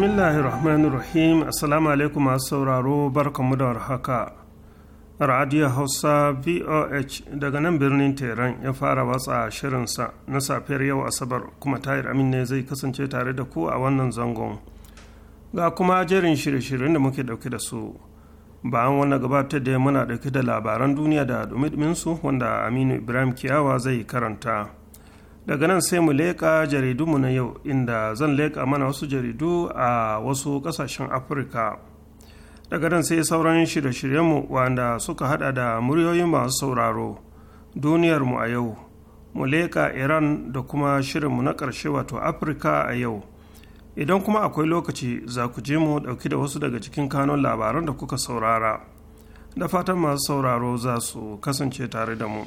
bismillahirrahmanirrahim assalamu alaikum masu sauraro barkamu da warhaka radio hausa voh daga nan birnin tehran ya fara watsa shirinsa na safiyar yau asabar kuma tahir amin ne zai kasance tare da ku a wannan zangon ga kuma jerin shirye-shiryen da muke dauke da su bayan wannan gabatar da muna dauke da labaran duniya da dumi wanda aminu ibrahim kiyawa zai karanta daga nan sai mu leƙa jaridunmu na yau inda zan leƙa mana wasu jaridu a wasu ƙasashen afirka daga nan sai sauran shirye-shiryenmu wanda suka hada da muryoyin masu sauraro duniyarmu a yau mu leƙa iran da kuma shirinmu na ƙarshe wato afirka a yau idan kuma akwai lokaci za ku je mu ɗauki da wasu daga cikin kanon labaran da kuka saurara da fatan masu sauraro za su kasance tare da mu.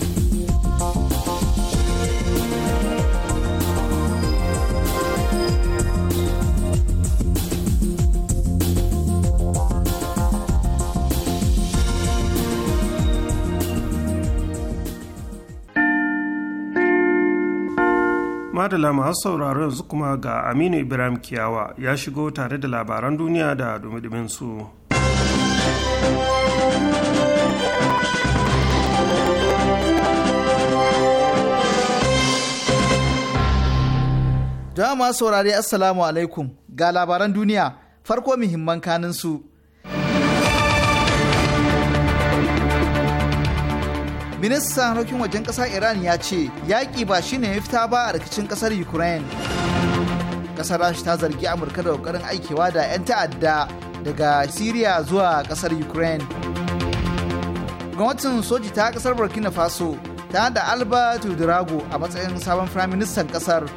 madala masu sauraro yanzu kuma ga aminu ibrahim kiyawa ya shigo tare da labaran duniya da dumi su. jama'a saurari assalamu alaikum ga labaran duniya farko muhimman kanin su ministan harkokin wajen ƙasar iran ya ce yaƙi ba shine fita ba a rikicin kasar ukraine ƙasar rasha ta zargi amurka da ƙoƙarin aikewa da 'yan ta'adda daga syria zuwa kasar ukraine gwamnatin soji ta kasar burkina faso ta da albert drago a matsayin sabon firaministan ƙasar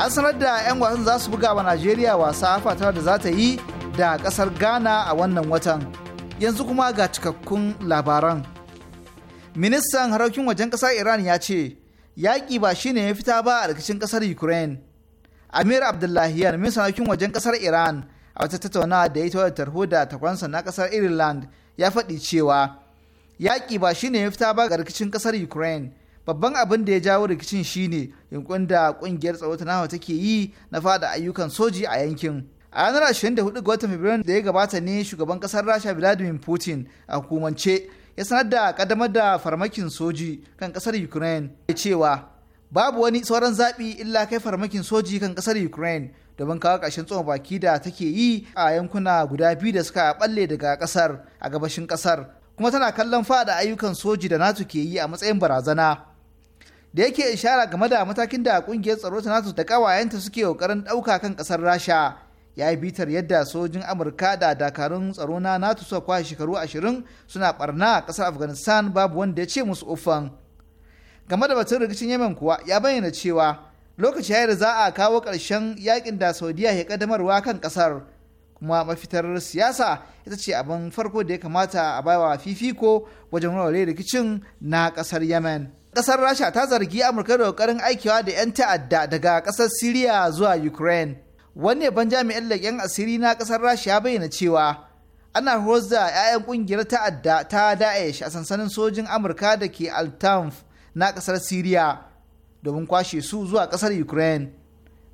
an sanar da 'yan wasan za su buga wa najeriya wasa fatar da za ta yi da ƙasar ghana a wannan watan yanzu kuma ga cikakkun labaran ministan haraukin wajen kasar iran ya ce yaƙi ba shine ya fita ba a rikicin ƙasar ukraine amir abdullahi ya ministan harkokin wajen ƙasar iran a wata tattaunawa da ya ta tarho da takwansa na ƙasar ireland ya faɗi cewa yaƙi ba shine ya fita ba ga rikicin ƙasar ukraine babban abin da ya jawo rikicin shine yankun da ƙungiyar tsaro ta nawa take yi na fada ayyukan soji a yankin a ranar 24 ga watan fabrairu da ya gabata ne shugaban ƙasar rasha vladimir putin a hukumance ya sanar da kaddamar da farmakin soji kan kasar ukraine cewa babu wani sauran zaɓi illa kai farmakin soji kan kasar ukraine domin kawo ƙarshen tsohon baki da take yi a yankuna guda biyu da suka balle daga ƙasar a gabashin ƙasar, kuma tana kallon fada ayyukan soji da nato ke yi a matsayin barazana da yake ishara game da matakin da ƙungiyar tsaro ta nato da kawayenta suke kokarin ɗauka kan ƙasar rasha ya yi bitar yadda sojin amurka da dakarun tsaro na nato suka kwashe shekaru ashirin suna barna a kasar afghanistan babu wanda ya ce musu ufan game da batun rikicin yemen kuwa ya bayyana cewa lokaci ya da za a kawo ƙarshen yakin da saudiya ya kadamarwa kan kasar kuma mafitar siyasa ita ce abin farko da ya kamata a baiwa fifiko wajen warware rikicin na kasar yemen kasar rasha ta zargi amurka da kokarin aikewa da 'yan ta'adda daga kasar syria zuwa ukraine wani ban jami'in leƙen asiri na ƙasar rasha ya bayyana cewa ana horar da 'ya'yan ƙungiyar ta'adda ta daesh a sansanin sojin amurka da ke altamf na ƙasar siriya domin kwashe su zuwa ƙasar ukraine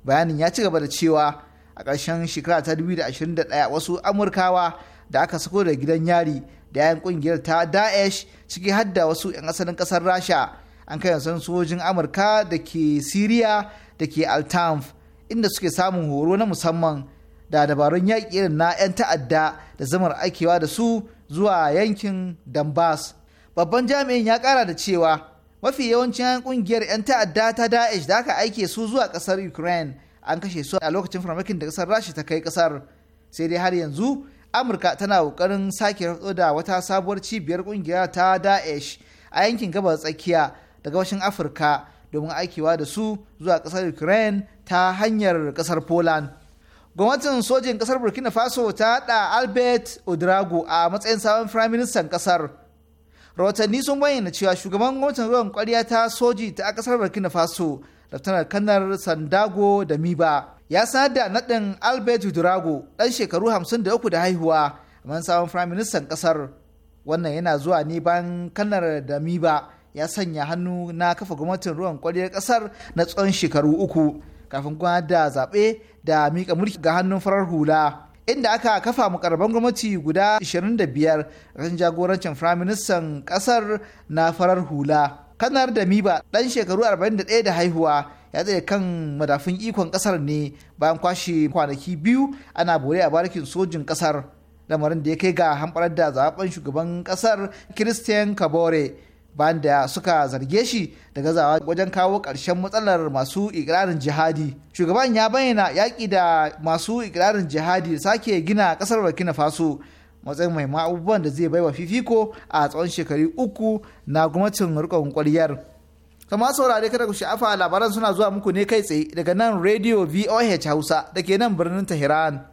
bayanin ya ci gaba da cewa a ƙarshen shekara ta 2021 wasu amurkawa da aka sako da gidan yari da 'ya'yan ƙungiyar ta daesh ciki hadda wasu 'yan asalin ƙasar rasha an kai sansanin sojin amurka da ke siriya da ke altamf inda suke samun horo na musamman da dabarun yaƙi irin na 'yan ta'adda da zamar aikewa da su zuwa yankin Dambas. Babban jami'in ya ƙara da cewa mafi yawancin 'yan ƙungiyar 'yan ta'adda ta da'ish da aka aike su zuwa ƙasar Ukraine an kashe su a lokacin farmakin da ƙasar Rasha ta kai ƙasar. Sai dai har yanzu Amurka tana ƙoƙarin sake ratso da wata sabuwar cibiyar ƙungiyar ta da'ish a yankin gabas tsakiya da gabashin Afirka domin aikewa da su zuwa ƙasar Ukraine ta hanyar kasar Poland. Gwamnatin sojin kasar Burkina Faso ta haɗa Albert Odrago a matsayin sabon firaministan kasar. Rahotanni sun bayyana cewa shugaban gwamnatin ruwan kwarya ta soji ta kasar Burkina Faso, Laftanar Kanar Sandago da Miba. Ya sanar da naɗin Albert Odrago ɗan shekaru 53 da haihuwa a sabon firaministan kasar. Wannan yana zuwa ne bayan Kanar da Miba. ya sanya hannu na kafa gwamnatin ruwan kwaliyar kasar na tsawon shekaru uku kafin kuma da zaɓe da miƙa mulki ga hannun farar hula inda aka kafa mukarraban gwamnati guda 25 rashin jagorancin firaministan ƙasar na farar hula kanar da miba ɗan shekaru 41 da haihuwa ya tsaye kan madafin ikon ƙasar ne bayan kwashe kwanaki biyu ana bore a barikin sojin ƙasar lamarin da ya kai ga hamɓarar da zaɓen shugaban ƙasar christian kabore bayan da suka zarge shi da gazawa wajen kawo ƙarshen matsalar masu ikirarin jihadi shugaban ya bayyana yaƙi da masu ikirarin jihadi sake gina ƙasar burkina faso matsayin mai abubuwan da zai baiwa fifiko a tsawon shekaru uku na gwamnatin rikon kwariyar. kama saurare kada ku sha'afa labaran suna zuwa muku ne kai tsaye daga nan radio voh hausa da ke nan birnin tehran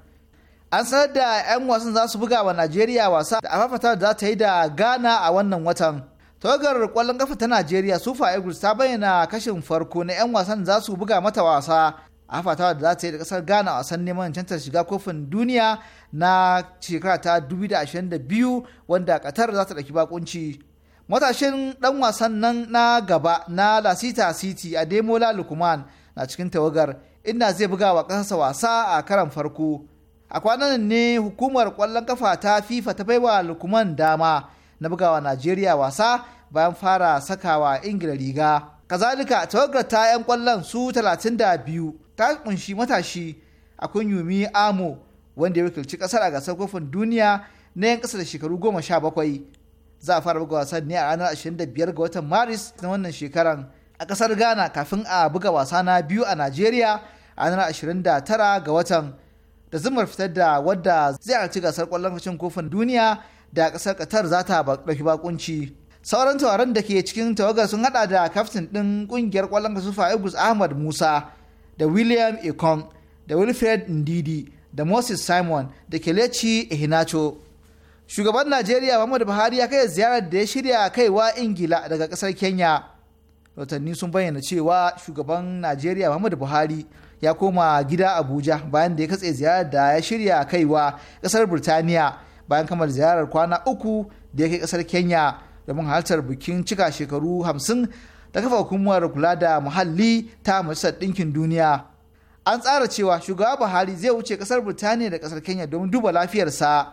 an sanar da 'yan wasan za su buga wa najeriya wasa da afafata da za ta yi da ghana a wannan watan tawagar kwallon kafa ta najeriya sufa eagles ta bayyana kashin farko na 'yan wasan za su buga mata wasa a fatawa da za ta yi da kasar ghana wasan neman cantar shiga kofin duniya na shekara ta 2022 wanda qatar za ta ɗauki bakunci matashin ɗan wasan nan na gaba na lasita city a demola lukman na cikin tawagar inda zai buga wa kasarsa wasa a karan farko a kwanan ne hukumar kwallon kafa ta fifa ta baiwa lukman dama na bugawa Najeriya wasa bayan fara sakawa Ingila riga. Kazalika tawagar ta 'yan kwallon su 32 ta kunshi matashi a kunyumi Amo wanda ya wakilci kasar a gasar kofin duniya na 'yan kasa da shekaru 17. Za a fara buga wasan ne a ranar 25 ga watan Maris na wannan shekaran a kasar Ghana kafin a buga wasa na biyu a Najeriya a ranar 29 ga watan da zumar fitar da wadda zai halarci gasar kwallon kofin duniya da ƙasar qatar za ta ɗauki bakunci sauran tauraron da ke cikin tawagar sun hada da kaftin ɗin ƙungiyar ƙwallon kasu fa'igus ahmad musa da william Ekong da wilfred ndidi da moses simon da kelechi ehinacho shugaban najeriya muhammadu buhari ya kai ziyarar da ya shirya kaiwa ingila daga ƙasar kenya Watanni sun bayyana cewa shugaban najeriya muhammadu buhari ya koma gida abuja bayan da ya katse ziyarar da ya shirya kaiwa ƙasar burtaniya bayan kamar ziyarar kwana uku da ya kai kasar kenya domin halartar bikin cika shekaru hamsin da kafa hukumar kula da muhalli ta majalisar ɗinkin duniya an tsara cewa shugaba buhari zai wuce kasar birtaniya da kasar kenya don duba lafiyarsa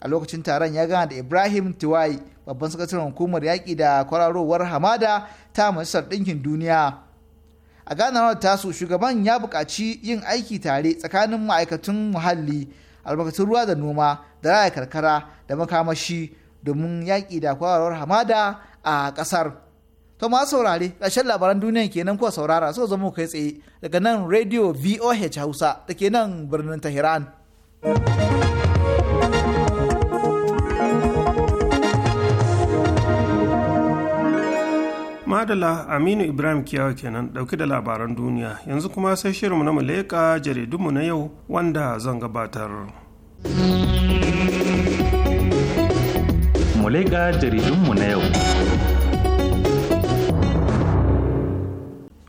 a lokacin taron ya gana da ibrahim tiwai babban sakataren hukumar yaƙi da kwararowar hamada ta majalisar ɗinkin duniya a ganawar tasu shugaban ya buƙaci yin aiki tare tsakanin ma'aikatun muhalli albarkatun ruwa da noma da raya karkara da makamashi domin yaƙi da kwararwar hamada a ƙasar. To ma saurare ƙarshen labaran duniya kenan kuwa saurara so zama kai tsaye daga nan Radio VOH Hausa da ke nan birnin Tehran. Madala Aminu Ibrahim Kiyawa kenan ɗauki da labaran duniya yanzu kuma sai shirinmu na mu jaridunmu na yau wanda zan gabatar. mu jaridunmu na yau.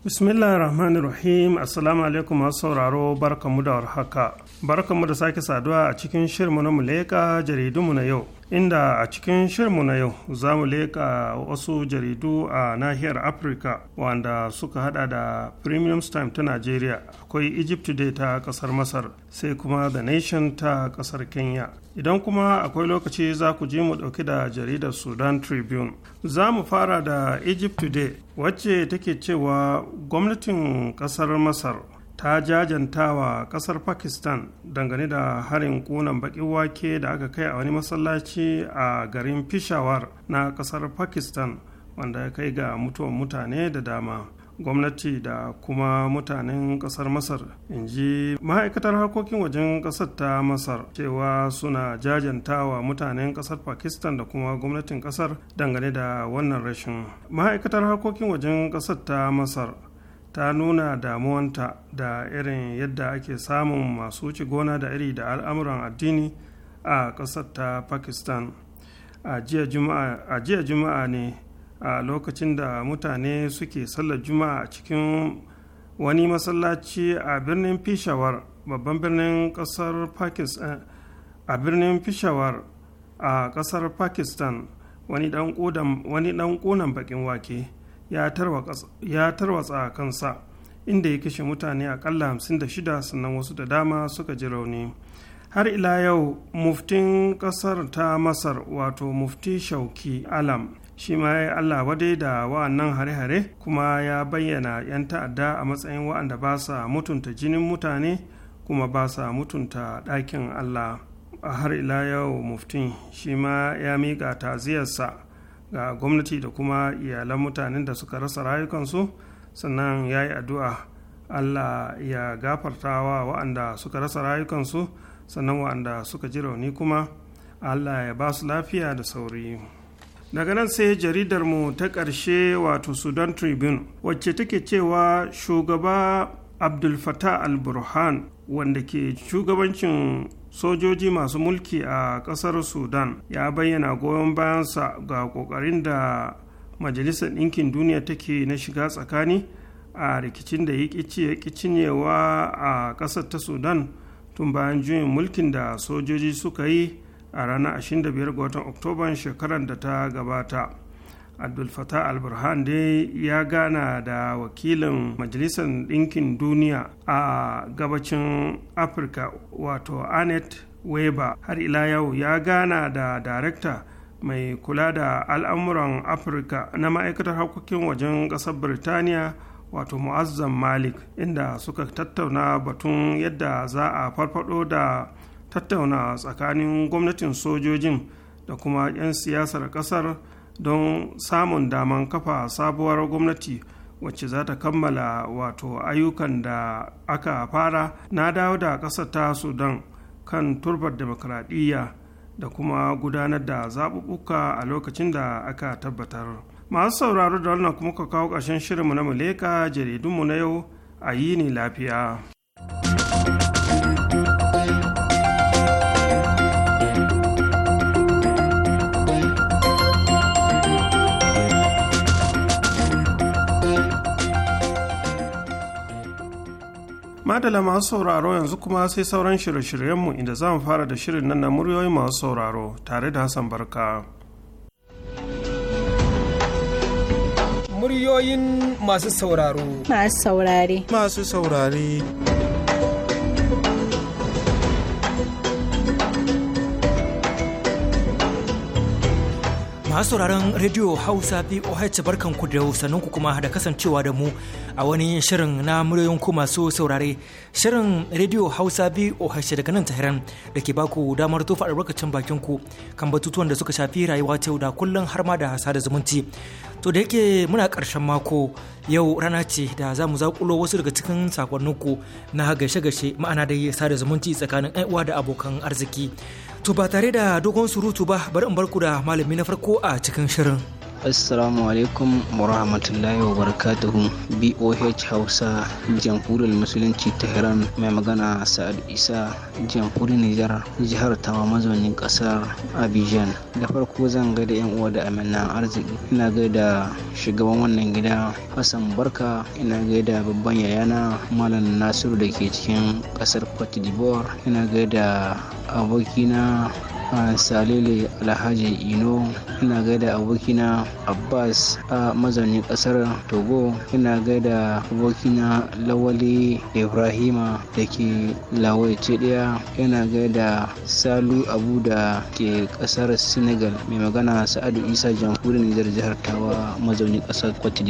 bismillah rahman rahim assalamu alaikum masu sauraro barkamu da warhaka barkamu da sake saduwa a cikin shirmu na muleka jaridunmu na yau inda a cikin shirmu na yau za mu leƙa wasu jaridu a nahiyar afirka wanda suka hada da premium time ta nigeria akwai egypt today ta kasar masar sai kuma the nation ta kasar kenya idan kuma akwai lokaci za ku ji mu dauki da jaridar sudan tribune za mu fara da egypt today wacce take cewa gwamnatin kasar masar ta jajanta wa kasar pakistan dangane da harin kunan bakin wake da aka kai a wani masallaci a garin peshawar na kasar pakistan wanda ya kai ga mutuwan mutane da dama gwamnati da kuma mutanen kasar masar in ji ma'aikatar harkokin wajen kasar ta masar cewa suna jajantawa mutanen kasar pakistan da kuma gwamnatin kasar dangane da wannan rashin ma'aikatar harkokin wajen kasar ta masar ta nuna damuwanta da irin yadda ake samun masu wuce gona da iri da al'amuran addini a ƙasar ta pakistan a jiya juma'a ne a lokacin da mutane suke sallar juma'a a cikin wani masallaci a birnin peshawar babban birnin ƙasar pakistan eh, a birnin peshawar a ƙasar pakistan wani ɗan ƙunan baƙin wake ya tarwatsa kansa inda ya kashe mutane akalla shida sannan wasu da dama suka ji rauni har ila yau muftin ƙasar ta masar wato mufti shauki alam shi ma ya allah wadai da wa'annan hare-hare kuma ya bayyana 'yan ta'adda a matsayin wa'anda ba sa mutunta jinin mutane kuma ba sa mutunta ɗakin allah a har ila yau muftin shi ma ya miƙa ta'aziyarsa ga gwamnati da kuma iyalan mutanen da suka rasa rayukansu sannan ya yi addu'a allah ya gafarta wa wa'anda suka rasa rayukansu sannan wa'anda suka ji rauni kuma allah ya ba su lafiya da sauri daga nan sai jaridar mu ta ƙarshe wato sudan tribune wacce take cewa shugaba abdulfata fatah al-burhan wanda ke shugabancin sojoji masu mulki a kasar sudan ya bayyana goyon bayansa ga kokarin da majalisar ɗinkin duniya take na shiga tsakani a rikicin da ya cinyewa a ƙasar ta sudan tun bayan juyin mulkin da sojoji suka yi a ranar 25 ga watan oktoban shekarar da ta gabata abdul alburhande ya gana da wakilin majalisar ɗinkin duniya a gabacin afirka wato anet weber har ila yau ya gana da darekta mai kula da al'amuran afirka na ma'aikatar harkokin wajen ƙasar birtaniya wato mu'azzam malik inda suka tattauna batun yadda za a farfado da tattauna tsakanin gwamnatin sojojin da kuma 'yan siyasar ƙasar don samun daman kafa sabuwar gwamnati wacce za ta kammala wato ayyukan da aka fara na dawo da ƙasar ta sudan kan turbar demokradiyya da kuma gudanar da zaɓuɓɓuka a lokacin da aka tabbatar masu sauraro da wannan kuma ka kawo ƙarshen shirinmu na muleka jaridunmu na yau a yi ni lafiya. madala masu sauraro yanzu kuma sai sauran shirye-shiryenmu inda za mu fara da shirin nan na muryoyi masu sauraro tare da hassan barka muryoyin masu sauraro masu saurare masu saurare masu sauraron rediyo hausa barkan barkanku da ku kuma da kasancewa da mu a wani shirin na muryoyin ku masu saurare shirin rediyo hausa boh daga nan tahiran da ke baku damar tofa albarkacin bakin ku kan batutuwan da suka shafi rayuwa ta da kullum har ma da sada zumunci to da yake muna karshen mako yau rana ce da za mu zakulo wasu daga cikin sakonninku na gashe-gashe ma'ana da sada zumunci tsakanin uwa da abokan arziki To ba tare da dogon surutu ba bari in barku da malami na farko a cikin shirin. assalamu alaikum wa rahmatullahi wa boh hausa jamhuriyar musulunci tehran mai magana sa'ad isa jamhuriyar nijar jihar tawa mazaunin kasar abidjan da farko zan gaida yan uwa da amina arziki ina gaida shugaban wannan gida hassan barka ina gaida babban yayana malam nasiru da ke cikin ƙasar cote d'ivoire ina gaida abokina salele alhaji ino ina gaida abokina abbas a mazaunin kasar togo ina gaida abokina lawali ibrahima da ke lawai ɗaya yana gaida salu abu da ke kasar senegal mai magana sa'adu isa jamhuriyar nijar jihar tawa mazaunin kasar cote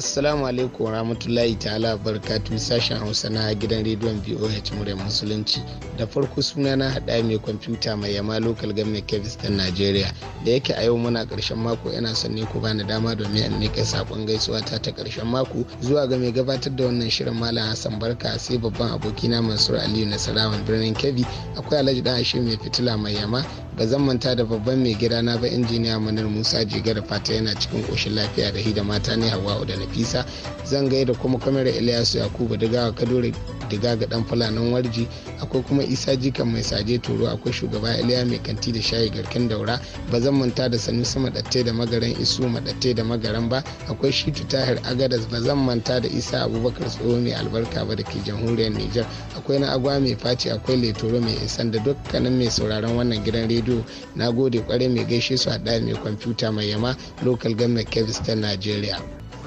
assalamu alaikum rahmatullahi ta'ala barkatu sashen hausa na gidan rediyon boh murya musulunci da farko suna na haɗa mai kwamfuta mai yama local government kebis ta nigeria da yake a yau muna ƙarshen mako yana son ne ku bani dama domin in nika saƙon gaisuwa ta ta ƙarshen mako zuwa ga mai gabatar da wannan shirin malam hassan barka sai babban abokina mansur aliyu nasarawan birnin kebbi akwai alhaji ɗan ashe mai fitila mai yama ba zan manta da babban mai gida na ba injiniya manar musa jigar fata yana cikin koshin lafiya da hida mata ne hawa'u da nafisa zan gaida kuma kamera ilyasu yakubu digawa kadore diga ga dan fulanin warji akwai kuma isa jikan mai saje toro akwai shugaba iliya mai kanti da shayi garken daura ba zan manta da sanusi madatte da magaran isu madatte da magaran ba akwai shitu tahir agadas ba zan manta da isa abubakar tsoho mai albarka ba da ke jamhuriyar niger akwai na agwa mai faci akwai letoro mai isan da dukkanin mai sauraron wannan gidan rediyo rediyo na gode kwarai mai gaishe su haɗa mai kwamfuta mai yama local government kebis nigeria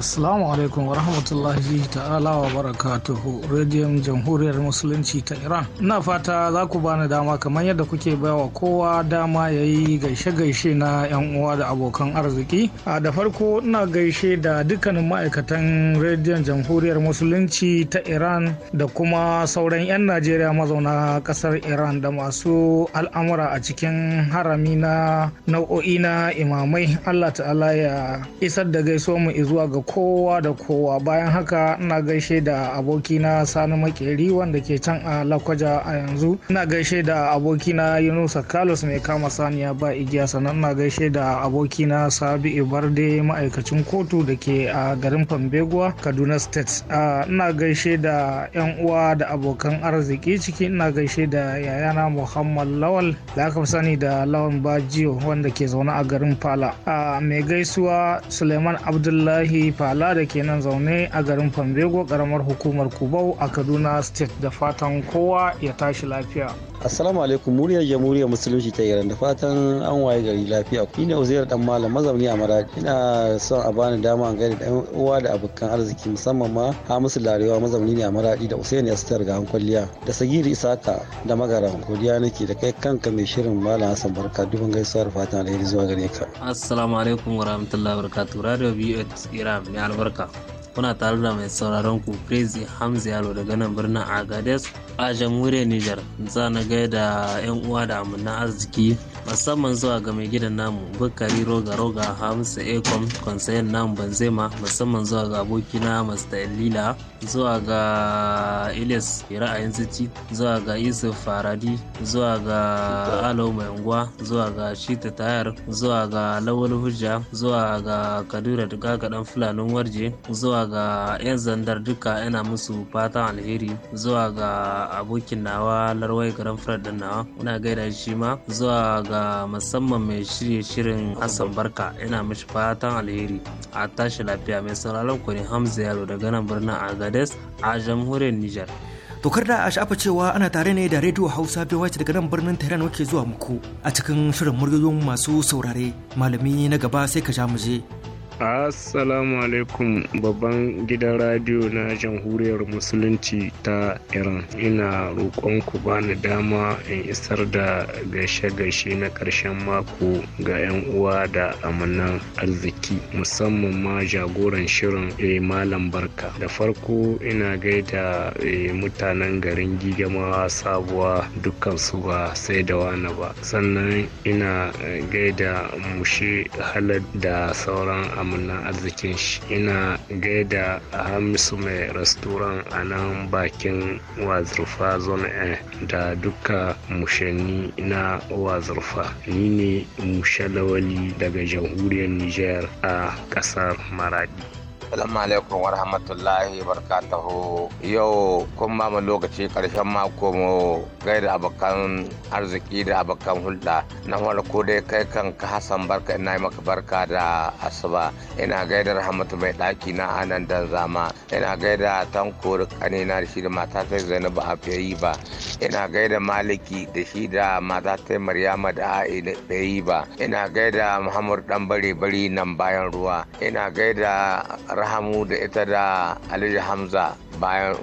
Assalamu alaikum wa rahmatullahi ta'ala wa barakatuhu Radiyon Jamhuriyar Musulunci ta Iran. Ina fata za ku bani dama kamar yadda kuke bawa kowa dama ya yi gaishe-gaishe na 'yan uwa da abokan arziki. A da farko ina gaishe da dukkanin ma'aikatan Radiyon Jamhuriyar Musulunci ta Iran da kuma sauran 'yan Najeriya mazauna ƙasar Iran da masu al'amura a cikin harami na nau'o'i na imamai. Allah ta'ala ya isar da gaisuwa mu izuwa ga kowa da kowa bayan haka ina gaishe da abokina sani makeri wanda ke can a lakwaja a yanzu ina gaishe da abokina yunusa carlos mai kama saniya ba igiya sannan ina gaishe da abokina sabi ibarde ma'aikacin kotu da ke a garin fambeguwa kaduna state ina gaishe da yan uwa da abokan arziki ciki ina gaishe da yayana muhammad lawal da aka sani da lawan bajiyo wanda ke zaune a garin fala mai gaisuwa suleiman abdullahi fala da ke nan zaune a garin Fambego karamar hukumar Kubau a Kaduna State da fatan kowa ya tashi lafiya. assalamu alaikum muryar jamhuriyar musulunci ta iran da fatan an waye gari lafiya ku ne uzair dan malam mazauni a maradi ina son a bani dama an gani dan uwa da abokan arziki musamman ma hamisu larewa mazauni ne a maradi da usaini astar ga kwalliya da sagiri isaka da magaran godiya nake da kai kanka mai shirin malam hasan barka dubin gaisuwar fatan alheri zuwa gare ka assalamu alaikum warahmatullahi wabarakatuh radio bs iran mai albarka kuna tare da mai sauraron ku crazy hamza yalo daga nan birnin agades a jamhuriyar niger za na gaida yan uwa da amina arziki musamman zuwa ga mai gidan namu bukari roga roga hamsa ekom konsayen namu banzema musamman zuwa ga abokina mr elila zuwa ga ilis ra'ayin zici zuwa ga yusuf faradi zuwa ga alo mai unguwa zuwa ga shita tayar zuwa ga lawal hujja zuwa ga kadura duka dan fulanin warje zuwa ga yan zandar duka yana musu fatan alheri zuwa ga abokin nawa larwai garan nawa ina gaida shi ma zuwa ga ga musamman mai shirye shirin Hassan Barka ina mishi fatan alheri a tashi lafiya mai sauraron ku Hamza Yaro daga nan birnin Agades a jamhuriyar Nijar. Tokar da a shafa cewa ana tare ne da Radio Hausa BYT daga nan birnin Tehran wake zuwa muku a cikin shirin muryoyin masu saurare malami na gaba sai ka ja mu je. Assalamu alaikum babban gidan radiyo na jamhuriyar musulunci ta Iran. Ina roƙon ku bani dama in isar da gaishe-gaishe na ƙarshen mako ga 'yan uwa da amanan arziki musamman ma jagoran shirin eh, malam barka. Da farko ina gaida e mutanen garin gigamawa sabuwa dukkan ba sai da wani ba. Sannan ina eh, gaida mushe halar da sauran amannan arzikin shi ina gaida hamisu mai rastoran a nan bakin wazirfa zone a da duka mushani na wazirfa ni ne mushalawali daga jamhuriyar niger a kasar maradi Assalamu alaikum wa rahmatullahi barkatahu. Yau kun ba mu lokaci karshen mako mu Gai da abokan arziki da abokan hulɗa. Na farko dai kai kan ka Hassan barka ina yi maka barka da asuba. Ina gaida Rahmatu mai ɗaki na anan dan zama. Ina gaida Tanko da ƙanina da shi da mata ta Zainabu a yi ba. Ina gai da Maliki da shi da mata ta Maryama da A'i da yi ba. Ina gaida Muhammadu ɗan bare bari nan bayan ruwa. Ina gai da. Abrahamu da ita da Aliyu hamza bayan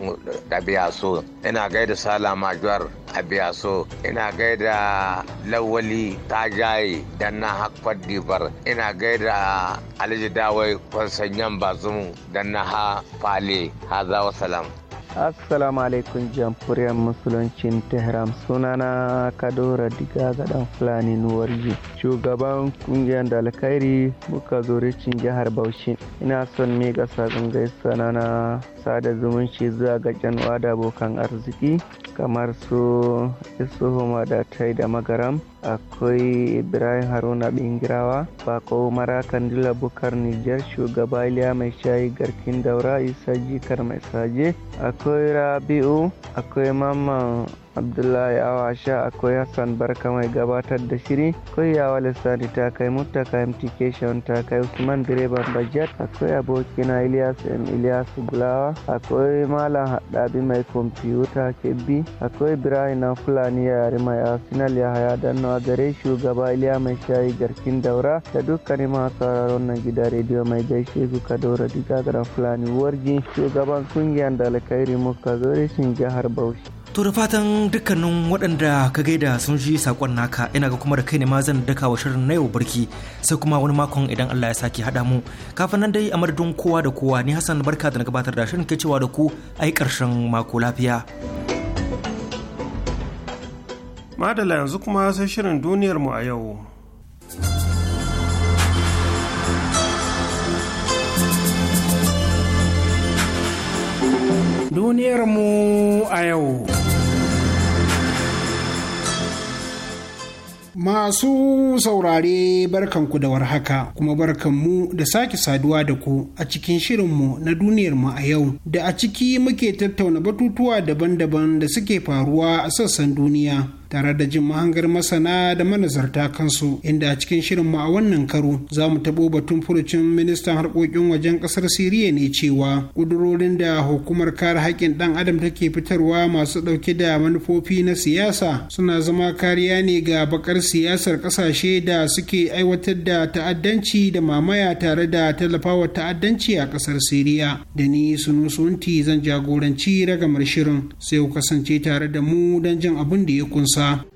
Abiyaso. ina gaida sala majuwar Abiyaso. ina gaida lawali tajaye dan na hakfar dibar ina gaida Aliyu dawai kwansanyan bazumu dan na ha fale haza wasalam assalamu alaikum jamhuriyar musuluncin tehran sunana kadora diga ga dan fulani warji shugaban ƙungiyar da alkhairi muka cin jihar bauchi ina son mai sakon gaisa na sada zumunci zuwa ga kyanwa da abokan arziki kamar su isuhu madatai da magaram akwai ibrahim haruna bingirawa bako mara kandila bukar nijar shugaba iliya mai shayi garkin daura isa jikar mai saje akwai rabi'u akwai mamman abdullahi awasha akwai hassan barka mai gabatar da shiri akwai yawa lissani ta kai MTK shan ta kai usman direban bajet akwai abokina ilyas m ilyas bulawa akwai malam haɗabi mai kwamfuta kebbi akwai ibrahim na fulani yare mai arsenal ya haya danna ganuwa gare shugaba iliya mai shayi garkin daura da dukkanin masu sauraron na gida rediyo mai gaishe ku kadora digagaran fulani warji shugaban kungiyar dalakai remote reshin jihar bauchi To da fatan dukkanin waɗanda ka gaida sun ji saƙon naka ina ga kuma da kai ne ma zan daka wa shirin na yau barki sai kuma wani makon idan Allah ya sake haɗa mu kafin nan dai a madadin kowa da kowa ni Hassan barka da na gabatar da shirin ke cewa da ku ai ƙarshen mako lafiya. madala yanzu kuma sai shirin duniyarmu a yau duniyarmu a yau Masu saurare barkanku da warhaka kuma barkanmu da sake saduwa da ku a cikin shirin mu na duniyarmu a yau da a ciki muke tattauna batutuwa daban-daban da suke faruwa a sassan duniya tare da jin mahangar masana da manazarta kansu inda a cikin shirin mu a wannan karo za mu taɓo batun furucin ministan harkokin wajen ƙasar siriya ne cewa Kudurorin da hukumar kare haƙƙin ɗan adam take fitarwa masu ɗauke da manufofi na siyasa suna zama kariya ne ga bakar siyasar ƙasashe da suke aiwatar da ta'addanci da mamaya tare da tallafawa ta'addanci a ƙasar siriya da ni sunti zan jagoranci ragamar shirin sai ku kasance tare da mu don jin abin da ya kunsa отца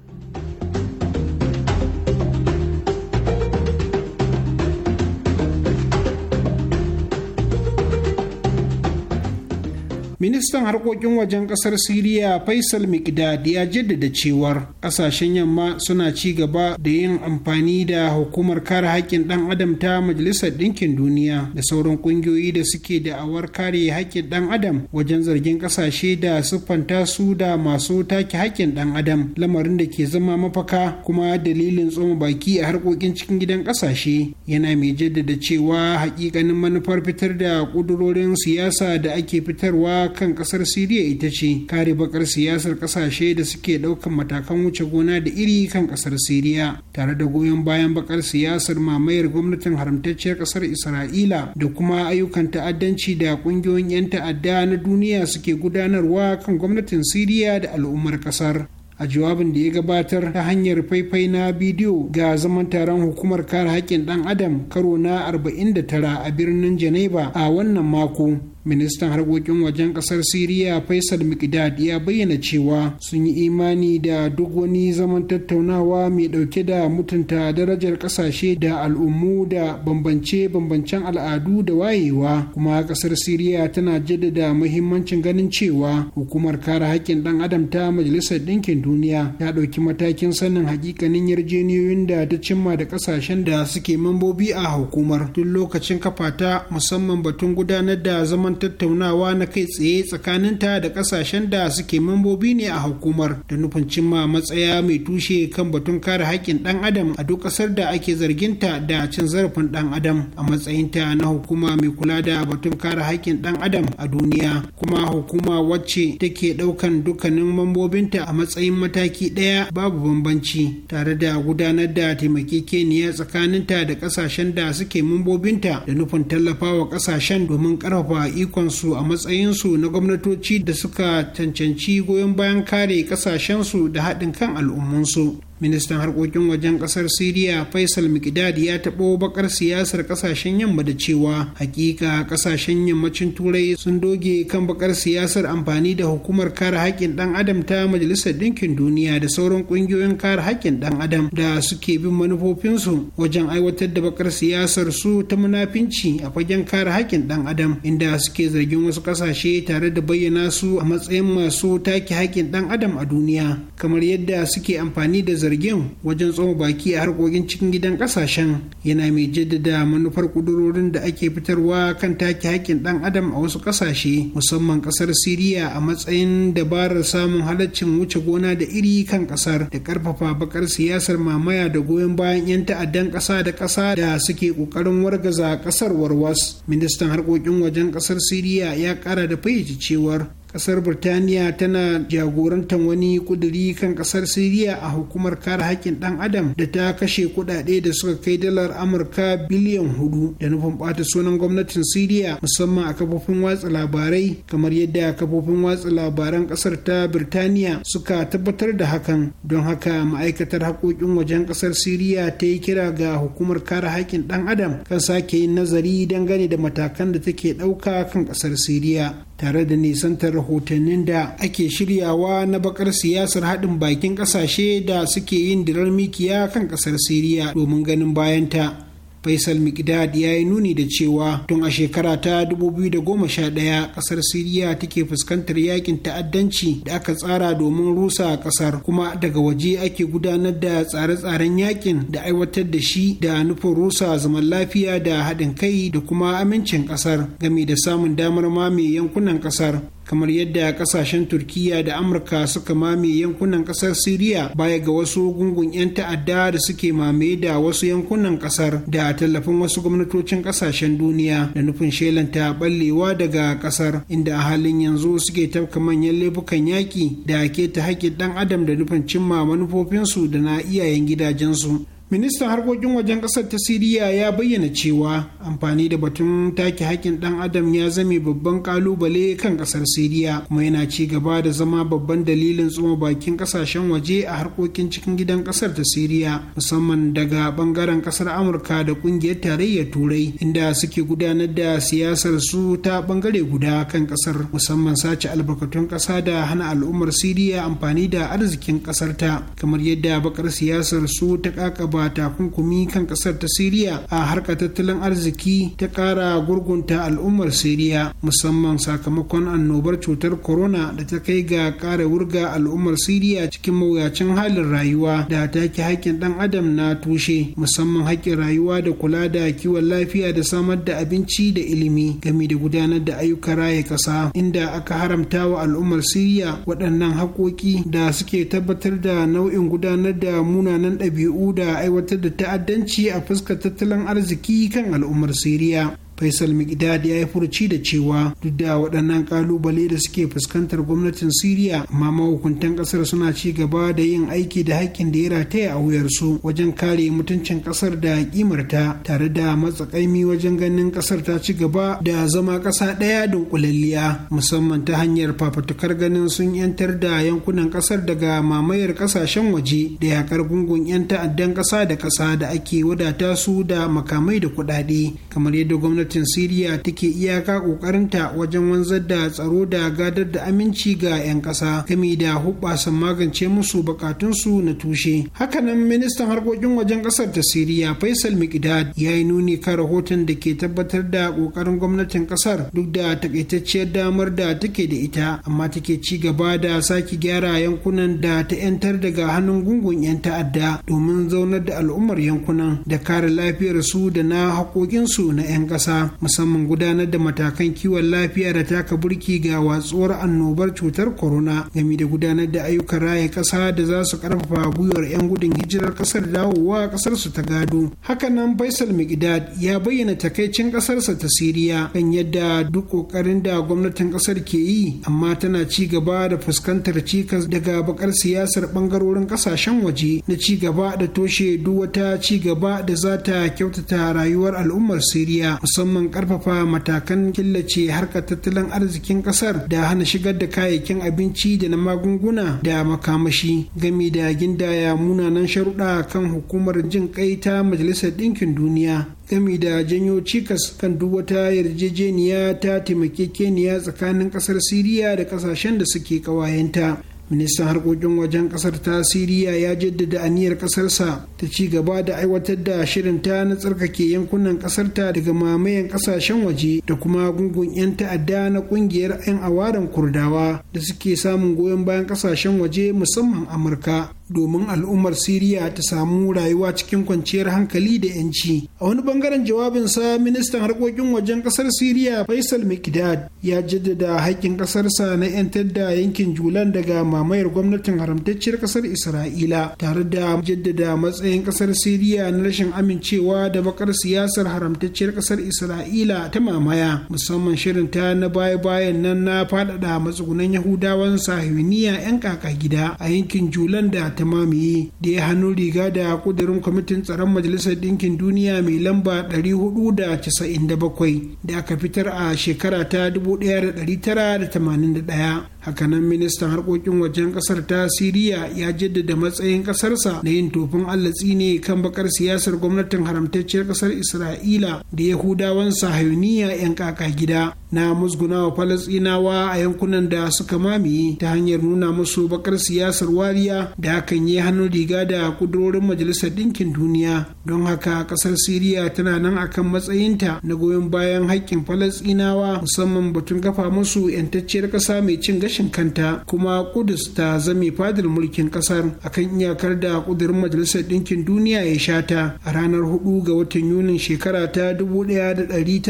ministan harkokin wajen kasar siriya faisal mikdad ya jaddada cewar kasashen yamma suna ci gaba da yin amfani da hukumar kare haƙƙin ɗan adam ta majalisar ɗinkin duniya da sauran ƙungiyoyi da suke da awar kare haƙƙin ɗan adam wajen zargin kasashe da siffanta su da masu take haƙƙin ɗan adam lamarin da ke zama mafaka kuma dalilin tsoma baki a harkokin cikin gidan kasashe yana mai jaddada cewa haƙiƙanin manufar fitar da ƙudurorin siyasa da ake fitarwa kan kasar siriya ita ce kare bakar siyasar kasashe da suke daukan matakan wuce gona da iri kan kasar siriya tare da goyon bayan bakar siyasar mamayar gwamnatin haramtacciyar kasar isra'ila da kuma ayyukan ta'addanci da kungiyoyin 'yan ta'adda na duniya suke gudanarwa kan gwamnatin siriya da al'ummar kasar a jawabin da ya gabatar ta hanyar faifai na bidiyo ga zaman taron hukumar kare haƙƙin ɗan adam karo na 49 a birnin geneva a wannan mako ministan harkokin wajen kasar siriya faisal mikdad ya bayyana cewa sun yi imani da duk wani zaman tattaunawa mai dauke da mutunta darajar kasashe da al'ummu da bambance-bambancen al'adu da wayewa kuma kasar siriya tana jaddada muhimmancin ganin cewa hukumar kare haƙƙin dan adam ta majalisar ɗinkin duniya ta ɗauki matakin sanin hakikanin yarjeniyoyin da ta cimma da kasashen da suke mambobi a hukumar tun lokacin kafa ta musamman batun gudanar da zaman zaman tattaunawa na kai tsaye tsakaninta da kasashen da suke mambobi ne a hukumar da nufin cimma matsaya mai tushe kan batun kare haƙƙin ɗan adam a duk ƙasar da ake zarginta da cin zarafin ɗan adam a matsayinta na hukuma mai kula da batun kare haƙƙin ɗan adam a duniya kuma hukuma wacce take ɗaukan dukkanin mambobinta a matsayin mataki ɗaya babu bambanci tare da gudanar da taimakekeniya tsakaninta da ƙasashen da suke mambobinta da nufin tallafawa ƙasashen domin ƙarfafa ikonsu a matsayinsu na gwamnatoci da suka cancanci goyon bayan kare kasashensu da haɗin kan al'ummunsu ministan harkokin wajen kasar siriya faisal mikdad ya taɓo bakar siyasar kasashen yamma da cewa hakika kasashen yammacin turai sun doge kan bakar siyasar amfani da hukumar kare haƙƙin ɗan adam ta majalisar ɗinkin duniya da sauran ƙungiyoyin kare haƙƙin ɗan adam da suke bin manufofinsu wajen aiwatar da bakar siyasar su ta munafinci a fagen kare haƙƙin ɗan adam inda suke zargin wasu kasashe tare da bayyana su a matsayin masu take haƙƙin ɗan adam a duniya kamar yadda suke amfani da zar zargin wajen tsoma baki a harkokin cikin gidan kasashen yana mai jaddada manufar kudurorin da ake fitarwa kan take haƙƙin ɗan adam a wasu ƙasashe musamman ƙasar siriya a matsayin dabarar samun halaccin wuce gona da iri kan ƙasar da ƙarfafa baƙar siyasar mamaya da goyon bayan 'yan ta'addan ƙasa da ƙasa da suke ƙoƙarin wargaza ƙasar warwas ministan harkokin wajen ƙasar siriya ya ƙara da fayyace cewar kasar burtaniya tana jagorantar wani kuduri kan kasar siriya a hukumar kare haƙƙin ɗan adam da ta kashe kuɗaɗe da suka kai dalar amurka biliyan hudu da nufin ɓata sunan gwamnatin siriya musamman a kafofin watsa labarai kamar yadda kafofin watsa labaran kasar ta birtaniya suka tabbatar da hakan don haka ma'aikatar haƙoƙin wajen kasar siriya ta yi kira ga hukumar kare haƙƙin ɗan adam kan sake yin nazari dangane da matakan da take ɗauka kan kasar siriya tare da nisantar rahotannin da ake shiryawa na bakar siyasar haɗin bakin ƙasashe da suke yin dirar mikiya kan ƙasar siriya domin ganin bayanta Faisal Mikdad ya yi nuni da cewa tun a shekara ta 2011 kasar Siriya take fuskantar yakin ta'addanci da aka tsara domin rusa ƙasar kuma daga waje ake gudanar da tsare-tsaren yakin da aiwatar da shi da nufin rusa zaman lafiya da haɗin kai da kuma amincin ƙasar game da samun damar mame yankunan ƙasar. kamar yadda kasashen turkiya da amurka suka mame yankunan kasar siriya baya ga wasu gungun 'yan ta'adda da suke mame da wasu yankunan kasar da tallafin wasu gwamnatocin kasashen duniya da nufin shelanta ballewa daga kasar inda a halin yanzu suke tafka manyan laifukan yaƙi da ke ta haƙƙin ɗan adam da nufin cimma manufofinsu da na iyayen gidajensu ministan harkokin wajen kasar ta siriya ya bayyana cewa amfani da batun take haƙƙin ɗan adam ya zame babban ƙalubale kan ƙasar siriya kuma yana ci gaba da zama babban dalilin tsoma bakin ƙasashen waje a harkokin cikin gidan ƙasar ta siriya musamman daga ɓangaren ƙasar amurka da ƙungiyar tarayyar turai inda suke gudanar da siyasar su ta bangare guda kan ƙasar musamman sace albarkatun ƙasa da hana al'ummar siriya amfani da arzikin ƙasarta kamar yadda bakar siyasar su ta kakaba Ba takunkumi kan kasar ta siriya a harka tattalin arziki ta kara gurgunta al'ummar siriya musamman sakamakon annobar cutar corona da ta kai ga kara wurga al'ummar siriya cikin mawuyacin halin rayuwa da ta take haƙƙin ɗan adam na tushe musamman haƙƙin rayuwa da kula da kiwon lafiya da samar da abinci da ilimi game da gudanar da ayyukan raye ƙasa inda aka haramta wa al'ummar siriya waɗannan haƙoƙi da suke tabbatar da nau'in gudanar da munanan ɗabi'u da aiwatar da ta'addanci a fuskar tattalin arziki kan al'ummar siriya faisal mikdad ya yi furci da cewa duk da waɗannan kalubale da suke fuskantar gwamnatin siriya amma mahukuntan ƙasar suna ci gaba da yin aiki da haƙƙin da ya rataya a wuyarsu wajen kare mutuncin ƙasar da ƙimarta tare da matsakaimi wajen ganin ƙasar ta ci gaba da zama ƙasa ɗaya dunkulalliya musamman ta hanyar fafatukar ganin sun yantar da yankunan ƙasar daga mamayar ƙasashen waje da yaƙar gungun 'yan ta'addan ƙasa da ƙasa da ake wadata su da makamai da kuɗaɗe kamar yadda gwamnati gwamnatin siriya take iyaka kokarinta wajen wanzar da tsaro da gadar da aminci ga 'yan ƙasa gami da hubasa magance musu bukatunsu na tushe hakanan ministan harkokin wajen ƙasar ta siriya faisal mikdad ya yi nuni kan rahoton da ke tabbatar da kokarin gwamnatin ƙasar duk da takaitacciyar damar da take da ita amma take ci gaba da sake gyara yankunan da ta 'yantar daga hannun gungun 'yan ta'adda domin zaunar da al'ummar yankunan da kare lafiyarsu da na haƙoƙinsu na 'yan ƙasa ƙasa musamman gudanar da matakan kiwon lafiya da taka burki ga watsuwar annobar cutar corona game da gudanar da ayyukan raya ƙasa da za su ƙarfafa gwiwar 'yan gudun hijirar ƙasar dawowa ƙasarsu ta gado hakanan faisal mikdad ya bayyana takaicin ƙasarsa ta siriya kan yadda duk ƙoƙarin da gwamnatin ƙasar ke yi amma tana ci gaba da fuskantar cikas daga bakar siyasar ɓangarorin ƙasashen waje na ci gaba da toshe duk wata ci gaba da za ta kyautata rayuwar al'ummar siriya musamman musamman karfafa matakan killace harkar tattalin arzikin kasar da hana shigar da kayayyakin abinci da na magunguna da makamashi gami da gindaya munanan sharuɗa kan hukumar jin kai ta majalisar ɗinkin duniya gami da janyo cikas kan duk wata yarjejeniya ta keniya tsakanin kasar siriya da kasashen da suke kawayenta ministan harkokin wajen kasar ta siriya ya jaddada aniyar kasarsa ta ci gaba da aiwatar da shirin ta na tsarkake yankunan kasarta daga mamayen kasashen waje da kuma gungun 'yan ta'adda na kungiyar 'yan awaren kurdawa da suke samun goyon bayan kasashen waje musamman amurka domin al'ummar siriya ta samu rayuwa cikin kwanciyar hankali da 'yanci a wani bangaren jawabinsa ministan harkokin wajen kasar siriya faisal mikdad ya jaddada haƙƙin ƙasarsa na 'yantar da yankin julan daga mamayar gwamnatin haramtacciyar ƙasar isra'ila tare da jaddada matsayin ƙasar siriya na rashin amincewa da bakar siyasar haramtacciyar ƙasar isra'ila ta mamaya musamman shirin ta na baya-bayan nan na faɗaɗa matsugunan yahudawan sahiniya 'yan kaka gida a yankin julan da ta mamaye da ya hannu riga da kudirin kwamitin tsaron majalisar ɗinkin duniya mai lamba 497 da aka fitar a shekara ta 1981 hakanan ministan harkokin wajen kasar ta siriya ya jaddada matsayin kasarsa na yin tofin allatsi ne kan bakar siyasar gwamnatin haramtacciyar kasar isra'ila da yahudawan sahayuniya 'yan kaka gida na musgunawa falasinawa a yankunan da suka mamaye ta hanyar nuna musu bakar siyasar wariya da hakan yi hannun riga da kudurorin majalisar ɗinkin duniya don haka kasar siriya tana nan akan matsayinta na goyon bayan haƙƙin falastinawa musamman batun kafa musu 'yantacciyar ƙasa mai cin gashi rashin kanta kuma Kudus ta zame fadar mulkin kasar akan iyakar da kudurin Majalisar Ɗinkin Duniya ya shata a ranar 4 ga watan Yunin shekara ta 1967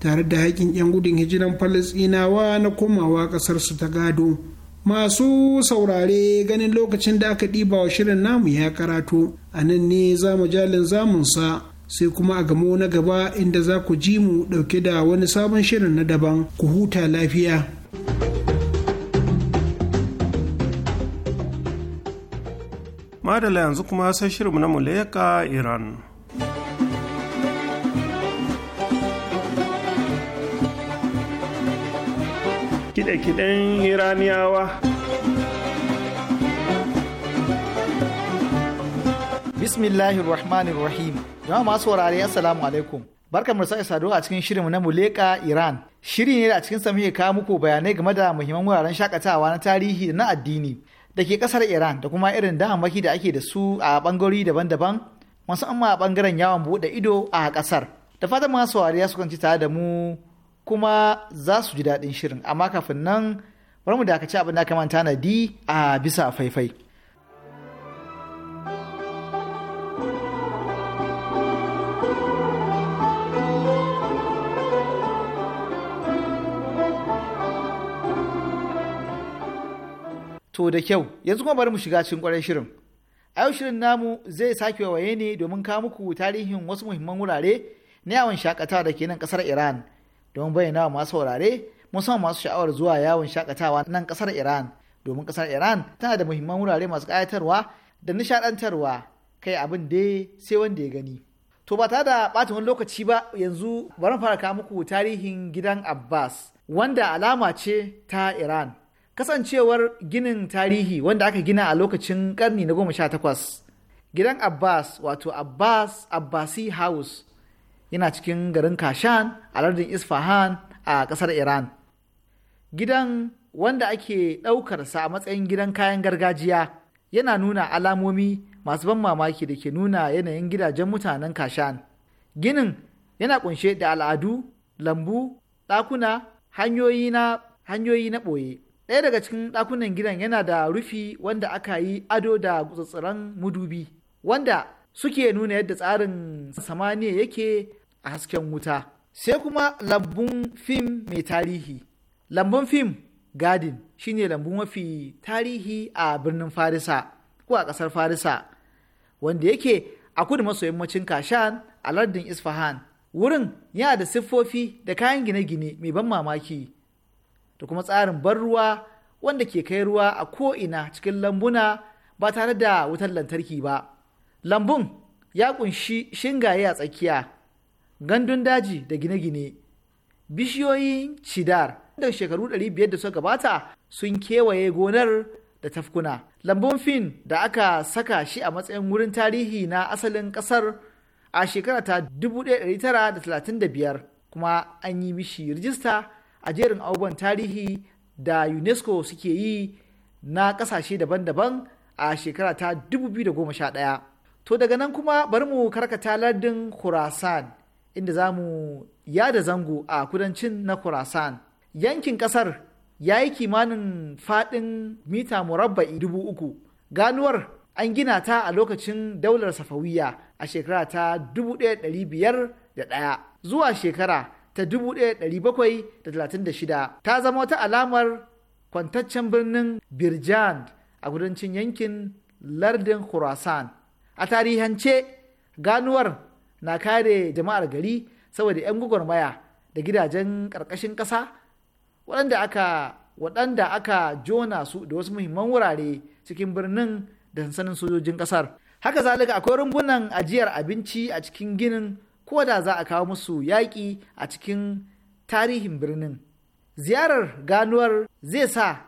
tare da haƙƙin 'yan gudun hijiran Falasɗinawa na komawa su ta gado. Masu saurare ganin lokacin da aka ɗiba wa shirin namu ya karatu a nan ne za mu jalin zamunsa sai kuma a gamo na gaba inda za ku ji mu ɗauke da wani sabon shirin na daban ku huta lafiya. madala yanzu kuma sai shirinmu na muleka iran kide-kiden iraniyawa bismillahir rahmanir rahim jama'a masu wurare assalamu alaikum barkar mu sake saduwa a cikin shirinmu na Muleka Iran. Shiri ne da a cikin sa muke kawo muku bayanai game da muhimman wuraren shakatawa na tarihi da na addini da ke kasar Iran da kuma irin damammaki da ake da su a bangarori daban-daban musamman a bangaren yawon buɗe ido a kasar. Da fatan masu saurari su kan ci tare da mu kuma za su ji daɗin shirin amma kafin nan bari mu dakaci abin da kamanta na di a bisa faifai. To da kyau, yanzu kuma bari mu shiga cikin kwarai shirin. A yau shirin namu zai sake waye ne domin kawo muku tarihin wasu muhimman wurare na yawon shakatawa da ke nan kasar Iran. Domin bayyana wa masu saurare musamman masu sha'awar zuwa yawon shakatawa nan kasar Iran. Domin ƙasar Iran tana da muhimman wurare masu ƙayatarwa da nishaɗantarwa kai abin dai sai wanda ya gani. To ba ta da bata wani lokaci ba yanzu bari fara kawo muku tarihin gidan Abbas wanda alama ce ta Iran. kasancewar ginin tarihi wanda aka gina a lokacin karni na goma sha takwas gidan abbas wato abbas abbasi house yana cikin garin kashan a lardin isfahan a kasar iran gidan wanda ake ɗaukarsa a matsayin gidan kayan gargajiya yana nuna alamomi masu ban mamaki da ke nuna yanayin gidajen mutanen kashan ginin yana kunshe da al'adu lambu ɗakuna hanyoyi na ɓoye ɗaya daga cikin ɗakunan gidan yana da rufi wanda aka yi ado da tsatsiran mudubi wanda suke nuna yadda tsarin samaniya yake a hasken wuta sai kuma lambun fim mai tarihi lambun fim gadin shine lambun mafi tarihi a birnin farisa ko a ƙasar farisa wanda yake a kudu maso yammacin kashan a lardin isfahan wurin yana da siffofi da kayan gine-gine mai ban mamaki da kuma tsarin ban ruwa wanda ke kai ruwa a ko'ina cikin lambuna ba tare da wutar lantarki ba. Lambun ya kunshi shingaye a tsakiya, gandun daji da gine-gine, bishiyoyin cidar da shekaru 500 da suka gabata sun kewaye gonar da tafkuna. Lambun fin da aka saka shi a matsayin wurin tarihi na asalin ƙasar a shekara ta 1935 kuma an yi mishi rijista a jerin abubuwan tarihi da unesco suke yi na kasashe daban-daban a shekara ta 2011 to daga nan kuma bari mu karkata lardin khurasan inda za mu yada zango a kudancin na khurasan yankin ƙasar ya yi kimanin faɗin mita murabba'i dubu uku ganuwar an gina ta a lokacin daular safawiya a shekara ta 1501 zuwa shekara ta 1736 ta zama wata alamar kwantaccen birnin Birjan a kudancin yankin lardin Khurasan. A tarihance ganuwar na kare jama'ar gari saboda 'yan gwagwarmaya da gidajen ƙarƙashin ƙasa waɗanda aka waɗanda aka jona su da wasu muhimman wurare cikin birnin da sansanin sojojin ƙasar. Haka zalika akwai rumbunan ajiyar abinci a cikin ginin ko da za a kawo musu yaƙi a cikin tarihin birnin ziyarar ganuwar zai sa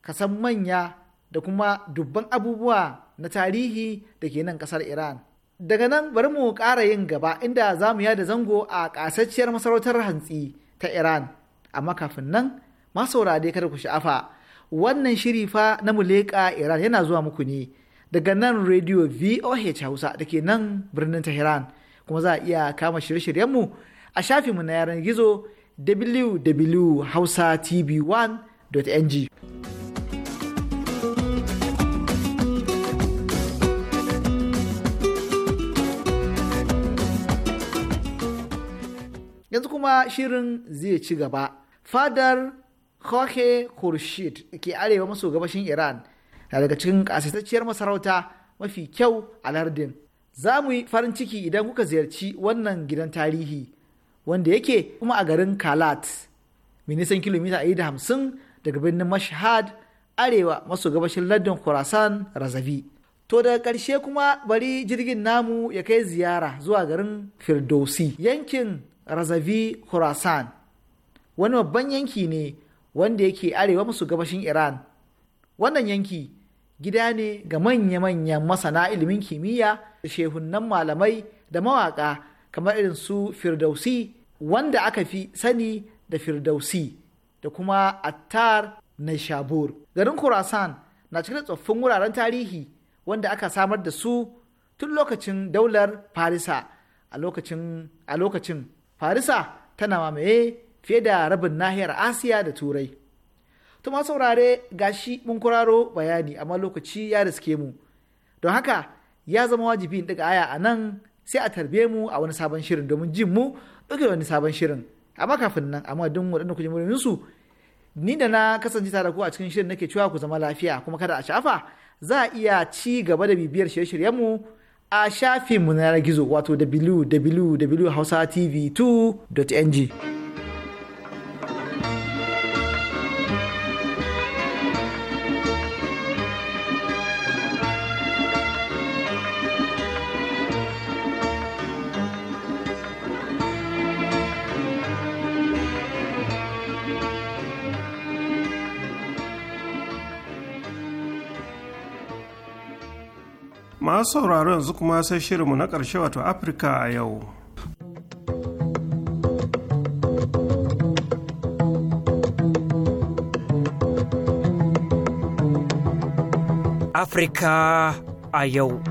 ka san manya da kuma dubban abubuwa na tarihi da ke nan ƙasar iran daga nan bari mu ƙara yin gaba inda za mu yada zango a ƙasasciyar masarautar hantsi ta iran amma kafin nan masu saurare kada ku sha'afa wannan shiri fa na muleka iran yana zuwa muku ne daga nan radio voh hausa da ke nan birnin tehran kuma za a iya kama shirye-shiryenmu a shafinmu na yaran gizo www.hausatv1.ng yanzu kuma shirin zai ci gaba fadar Jorge Khurshid ke arewa maso gabashin Iran na daga cikin ƙasaitacciyar masarauta mafi kyau a lardin za mu yi farin ciki idan kuka ziyarci wannan gidan tarihi wanda yake kuma a garin kalat mai nisan kilomita 150 daga birnin mashhad arewa maso gabashin lardin khorasan razavi to daga ƙarshe kuma bari jirgin namu ya kai ziyara zuwa garin firdausi yankin razavi khorasan wani babban yanki ne wanda yake arewa maso gabashin iran wannan yanki gida ne ga manya-manyan masana ilimin kimiyya da shehunan malamai da mawaka kamar irin su firdausi wanda aka fi sani da firdausi da kuma attar na shabur garin Kurasan na cikin tsoffin wuraren tarihi wanda aka samar da su tun lokacin daular farisa a lokacin farisa tana mamaye fiye da rabin nahiyar asiya da turai Tuma saurare gashi mun kuraro bayani amma lokaci ya riske mu. Don haka ya zama wajibi in daga aya a nan sai a tarbe mu a wani sabon shirin domin jin mu ɗauke wani sabon shirin. Amma kafin nan amma duk waɗanda ku ji su ni da na kasance tare ku a cikin shirin nake cewa ku zama lafiya kuma kada a shafa za a iya ci gaba da bibiyar shirye shiryen mu a shafinmu na gizo wato www.hausatv2.ng. masu sauraro yanzu kuma sai shirinmu na ƙarshe wato afirka a yau afirka a yau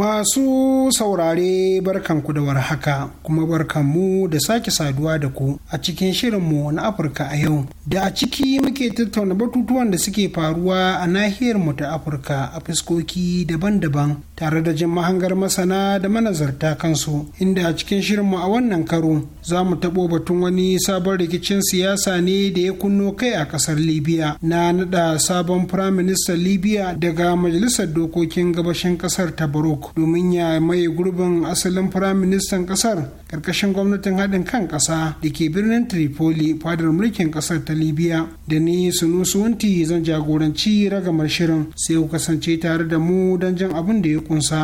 Masu saurare ku da warhaka kuma barkanmu da sake saduwa da ku a cikin shirinmu na Afirka a yau. Da a ciki muke tattauna batutuwan da suke faruwa a nahiyar mu ta Afirka a fuskoki daban-daban tare da jin mahangar masana da manazarta kansu inda a cikin shirinmu a wannan karo za mu taɓo batun wani sabon rikicin siyasa ne da ya kunno kai a ƙasar libya na naɗa sabon firaministan libya daga majalisar dokokin gabashin ƙasar ta barok domin ya mai gurbin asalin firaministan ƙasar ƙarƙashin gwamnatin haɗin kan ƙasa da ke birnin tripoli fadar mulkin ƙasar ta libya da ni wunti zan jagoranci ragamar shirin sai ku kasance tare da mu don jin abin da ya kunsa.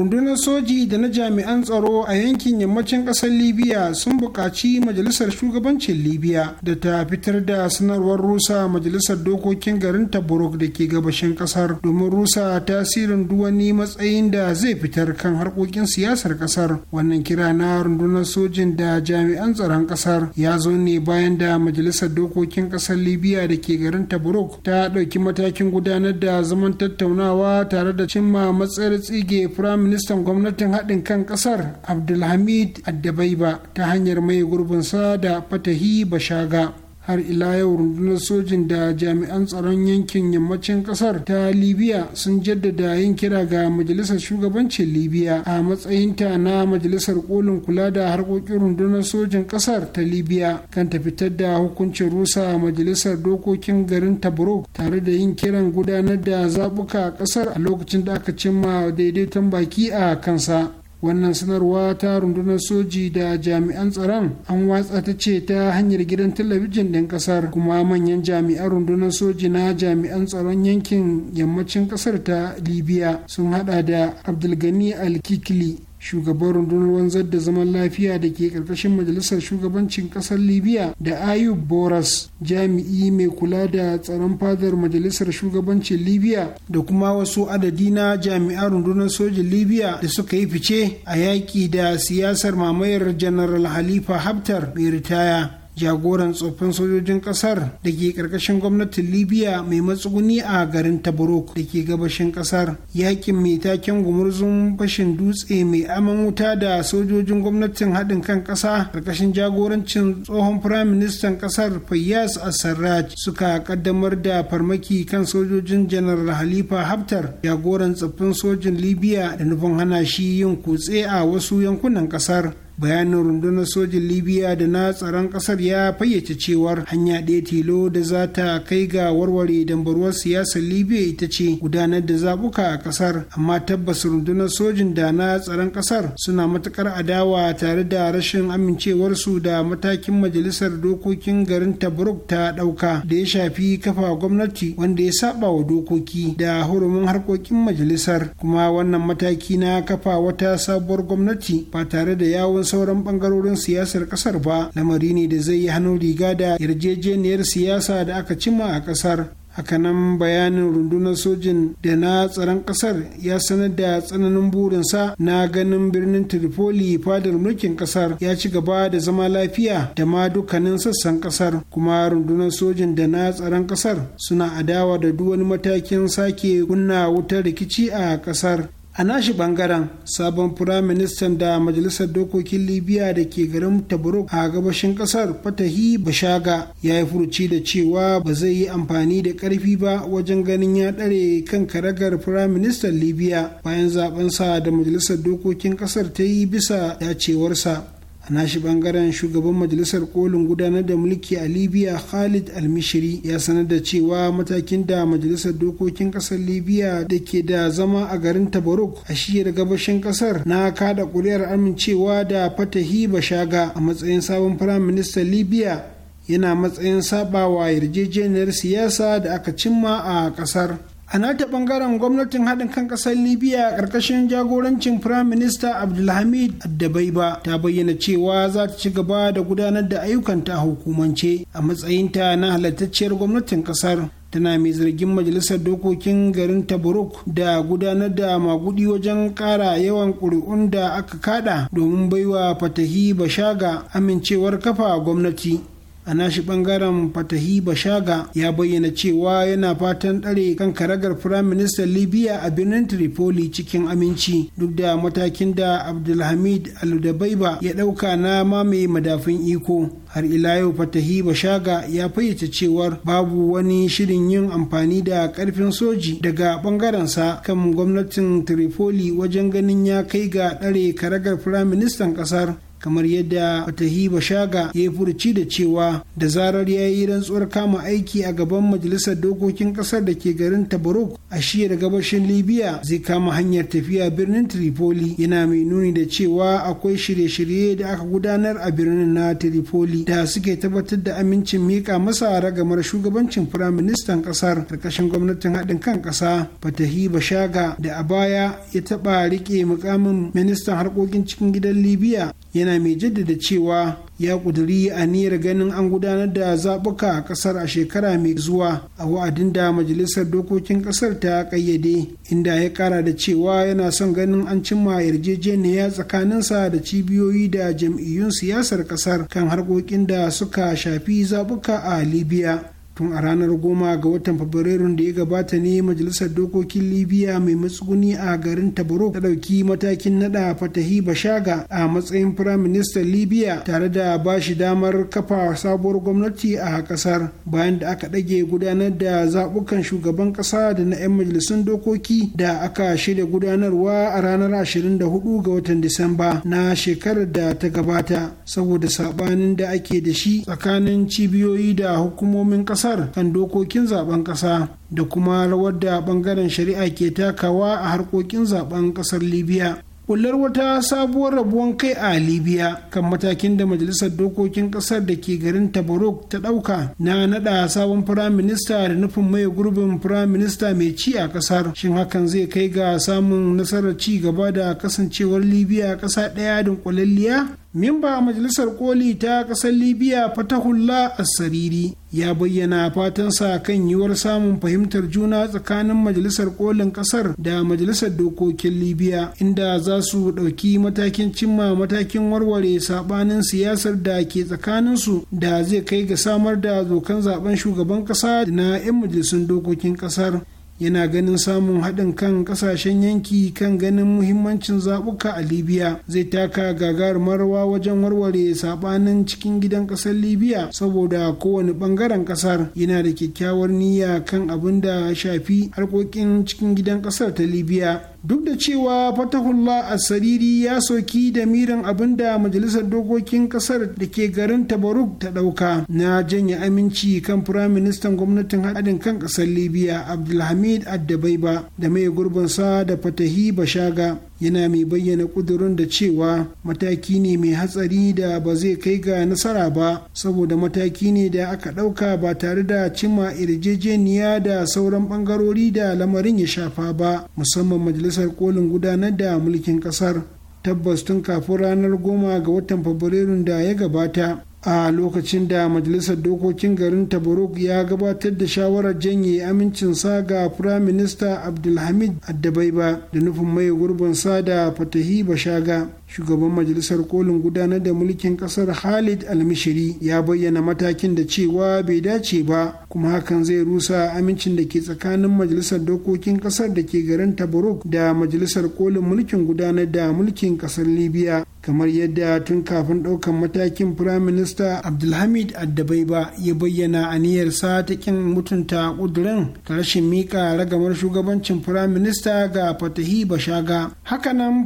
rundunar soji da na jami'an tsaro a yankin yammacin ƙasar libya sun buƙaci majalisar shugabancin libya da ta fitar da sanarwar rusa majalisar dokokin garin tabarok da ke gabashin ƙasar domin rusa tasirin duwani matsayin da zai fitar kan harkokin siyasar ƙasar wannan kira na rundunar sojin da jami'an tsaron ƙasar ya zo ne bayan da majalisar dokokin ƙasar libya da ke garin tabarok ta ɗauki matakin gudanar da zaman tattaunawa tare da cimma matsayar tsige firamin. ministan gwamnatin haɗin kan ƙasar abdulhamid addabaiba ta hanyar mai gurbinsa da fatahi bashaga har ila yau rundunar sojin da jami'an tsaron yankin yammacin kasar ta libya sun jaddada yin kira ga majalisar shugabancin libya a matsayin ta na majalisar kolin kula da harkokin rundunar sojin kasar ta libya kan ta fitar da hukuncin rusa majalisar dokokin garin tabrok tare da yin kiran gudanar da zabuka kasar a lokacin da aka cimma daidaiton baki a kansa wannan sanarwa ta rundunar soji da jami'an tsaron an watsa ta ce ta hanyar gidan talabijin ɗin ƙasar kuma manyan jami'an rundunar soji na jami'an tsaron yankin yammacin ƙasar ta libya sun hada da abdulgani al alkikili shugaban rundunar wanzar da zaman lafiya da ke ƙarƙashin majalisar shugabancin ƙasar libya da ayub boras jami'i mai kula da tsaron fadar majalisar shugabancin libya da kuma wasu adadi na jami'an rundunar sojin libya da suka yi fice a yaƙi da siyasar mamayar janaral halifa haftar mai ritaya jagoran tsoffin sojojin kasar da ke karkashin gwamnatin libya mai matsuguni a garin tabarok da ke gabashin kasar yakin mai taken gumurzun bashin dutse mai aman wuta da sojojin gwamnatin haɗin kan ƙasa karkashin jagorancin tsohon firaministan ƙasar fayyas asarraj suka ƙaddamar da farmaki kan sojojin janar halifa haftar jagoran tsoffin sojin libya da nufin hana shi yin kutse a wasu yankunan ƙasar bayanin rundunar sojin libya da na tsaron kasar ya fayyace cewar hanya ɗaya tilo da za ta kai ga warware dambaruwar siyasar libya ita ce gudanar da zabuka a kasar amma tabbas rundunar sojin da na tsaron kasar suna matukar adawa tare da rashin amincewarsu da matakin majalisar dokokin garin tabruk ta ɗauka da ya shafi kafa gwamnati wanda ya saba wa dokoki da hurumin harkokin majalisar kuma wannan mataki na kafa wata sabuwar gwamnati ba tare da yawon sauran bangarorin siyasar kasar ba lamari ne da zai yi hannun riga da yarjejeniyar siyasa da aka cima a kasar hakanan bayanin rundunar sojin da na tsaron kasar ya sanar da tsananin burinsa na ganin birnin tripoli fadar mulkin kasar ya ci gaba da zama lafiya da ma dukkanin sassan kasar kuma rundunar sojin da na tsaron kasar suna adawa da duk wani matakin sake kunna wutar rikici a kasar a nashi bangaren sabon firaministan da majalisar dokokin libya da ke garin tabaruk a gabashin kasar fatahi bashaga ya yi furuci da cewa ba zai yi amfani da karfi ba wajen ganin ya ɗare kan karagar firaministan libya bayan sa da majalisar dokokin kasar ta yi bisa dacewarsa a nashi bangaren shugaban majalisar kolin gudanar da mulki a libya khalid almishiri ya sanar da cewa matakin da majalisar dokokin kasar libya da ke da zama a garin tabaruk a shiyar gabashin kasar na kada kuri'ar amincewa da fatahi shaga,. a matsayin sabon firaministan libya yana matsayin sabawa yarjejeniyar siyasa da aka cimma a kasar a nata bangaren gwamnatin haɗin kan ƙasar libya ƙarƙashin jagorancin firayim minista abdulhamid addabaiba ta bayyana cewa za ta ci gaba da gudanar da ayyukanta a hukumance a matsayinta na halittacciyar gwamnatin ƙasar tana mai zargin majalisar dokokin garin tabaruk da gudanar da magudi wajen ƙara yawan ƙuri'un da aka kada domin baiwa fatahi bashaga amincewar kafa gwamnati a nashi bangaren fatahi bashaga ya bayyana cewa yana fatan ɗare kan karagar firaministan libya a birnin tripoli cikin aminci duk da matakin da abdulhamid aludabaiba ya ɗauka na mamaye madafin iko har ila yau fatahi bashaga ya fayyace cewar babu wani shirin yin amfani da ƙarfin soji daga bangarensa kan gwamnatin tripoli wajen ganin ya kai ga ɗare karagar firaministan ƙasar kamar yadda fatahi bashaga ya yi furuci da cewa da zarar ya yi rantsuwar kama aiki a gaban majalisar dokokin kasar da ke garin tabaruk a shiyar gabashin libya zai kama hanyar tafiya birnin tripoli yana mai nuni da cewa akwai shirye-shirye da aka gudanar a birnin na tripoli da suke tabbatar da amincin mika masa ragamar shugabancin firaministan kasar karkashin gwamnatin haɗin kan kasa fatahi bashaga da a baya ya taɓa riƙe mukamin ministan harkokin cikin gidan libya yana mai jaddada cewa ya ƙuduri aniyar ganin an gudanar da zaɓuka a ƙasar a shekara mai zuwa a wa'adin da majalisar dokokin ƙasar ta ƙayyade inda ya ƙara da cewa yana son ganin an cimma yarjejeniya tsakaninsa da cibiyoyi da jam'iyyun siyasar ƙasar kan harkokin da suka shafi zaɓuka a libya tun a ranar goma ga watan fabrairun da ya gabata ne majalisar dokokin libya mai matsuguni a garin tabarok ta dauki matakin nada fatahi bashaga a matsayin firaministan libya tare da ba shi damar kafa sabuwar gwamnati a ƙasar bayan da aka dage gudanar da zabukan shugaban kasa da na 'yan majalisun dokoki da aka shirya gudanarwa a ranar 24 ga watan disamba na shekarar da ta gabata saboda sabanin da ake da shi tsakanin cibiyoyi da hukumomin kasa. kasar kan dokokin zaben kasa da kuma rawar da bangaren shari'a ke takawa a harkokin zaben kasar libya kullar wata sabuwar rabuwan kai a libya kan matakin da majalisar dokokin kasar da ke garin tabarok ta dauka na nada sabon firaminista da nufin mai gurbin firaminista mai ci a kasar shin hakan zai kai ga samun nasarar ci gaba da kasancewar libya kasa daya dunkulalliya Mimba Majalisar Koli ta ƙasar Libya fatahulla Asariri ya bayyana fatansa kan yiwuwar samun fahimtar juna tsakanin Majalisar Kolin ƙasar da Majalisar Dokokin Libya inda za su ɗauki matakin cimma matakin warware saɓanin siyasar da ke tsakaninsu da zai kai ga samar da zokan zaben shugaban ƙasa na 'yan majalisun dokokin ƙasar. yana ganin samun haɗin kan ƙasashen yanki kan ganin muhimmancin zaɓuka a libya zai taka gagarumar rawa wajen warware saɓanin cikin gidan ƙasar libya saboda kowane ɓangaren ƙasar yana da kyakkyawar niyya kan abin da shafi harkokin cikin gidan ƙasar ta libya duk da cewa fatahullah asariri ya soki da miran abin da majalisar dokokin kasar da ke garin tabaruk ta dauka na janye aminci kan firaministan gwamnatin haɗin kan ƙasar libya abdulhamid addabaiba da mai gurbinsa da fatahi bashaga yana mai bayyana kudurin da cewa mataki ne mai hatsari da ba zai kai ga nasara ba saboda mataki ne da aka ɗauka ba tare da cimma irjejeniya da sauran ɓangarori da lamarin ya shafa ba musamman majalisar kolin gudanar da mulkin ƙasar tabbas tun kafin ranar goma ga watan fabrairun da ya gabata a lokacin da majalisar dokokin garin tabaruk ya gabatar da shawarar janye amincin amincinsa ga firaminista minista abdulhamid addabaiba da nufin mai sa da fatahi bashaga shugaban majalisar kolin gudanar da mulkin kasar khalid almishiri ya bayyana matakin da cewa bai dace ba kuma hakan zai rusa amincin da ke tsakanin majalisar dokokin kasar da ke garin tabaruk da majalisar kolin mulkin gudanar da mulkin kasar libya kamar yadda tun kafin ɗaukan matakin firaminista abdulhamid addabaiba ya bayyana aniyarsa ta kin mutunta ƙudurin ta rashin miƙa ragamar shugabancin minister ga fatahi bashaga hakanan